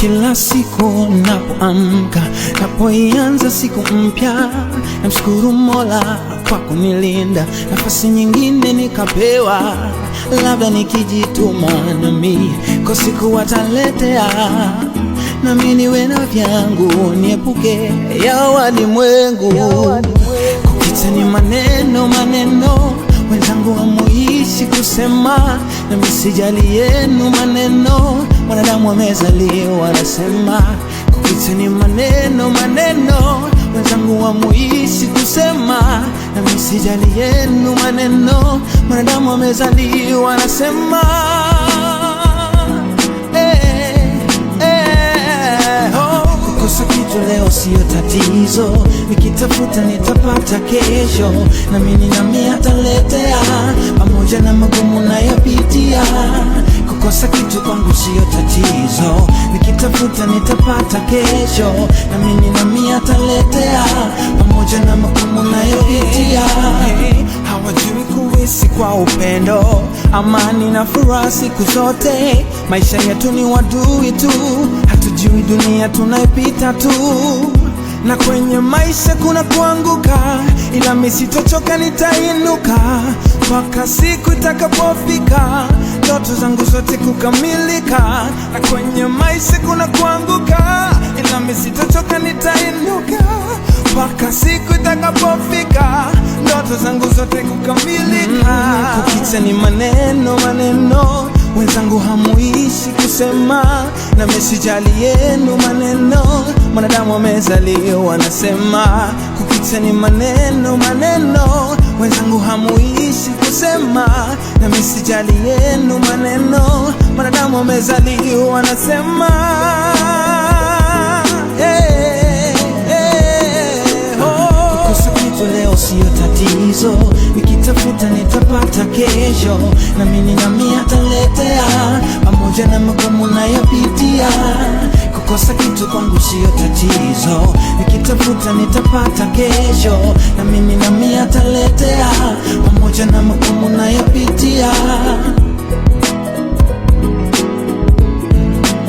Kila siku napoamka, napoianza siku mpya, namshukuru Mola kwa kunilinda, nafasi nyingine nikapewa, labda nikijituma nami kwa siku wataletea, nami niwe na vyangu, niepuke ya walimwengu, kukita ni maneno maneno wenzangu wamuishi kusema, na misijali yenu maneno. Mwanadamu amezaliwa anasema, ni maneno maneno. Wenzangu wamuishi kusema, na misijali yenu maneno. Mwanadamu amezaliwa anasema leo siyo tatizo, nikitafuta nitapata kesho, na mini na ataletea, pamoja na magumu nayopitia. Kukosa kitu kwangu siyo tatizo, nikitafuta nitapata kesho, na mini na ataletea kwa upendo, amani na furaha siku zote. Maisha yetu ni wadui tu, hatujui dunia tunaipita tu, na kwenye maisha kuna kuanguka, ila misitochoka nitainuka mpaka siku itakapofika ndoto zangu zote kukamilika. Na kwenye maisha kuna kuanguka, ila mimi nitainuka mpaka siku itakapofika ndoto zangu zote kukamilika. Mm, kukicha ni maneno maneno, wenzangu hamuishi kusema na mesijali yenu maneno. Mwanadamu amezaliwa nasema kukicha ni maneno maneno, wenzangu hamuishi kusema na mesijali yenu maneno. Mwanadamu amezaliwa nasema sio tatizo, nikitafuta nitapata kesho, na mini nami ataletea, pamoja na magumu nayopitia. Kukosa kitu kwangu sio tatizo, nikitafuta nitapata kesho, na mini nami ataletea, pamoja na magumu nayopitia.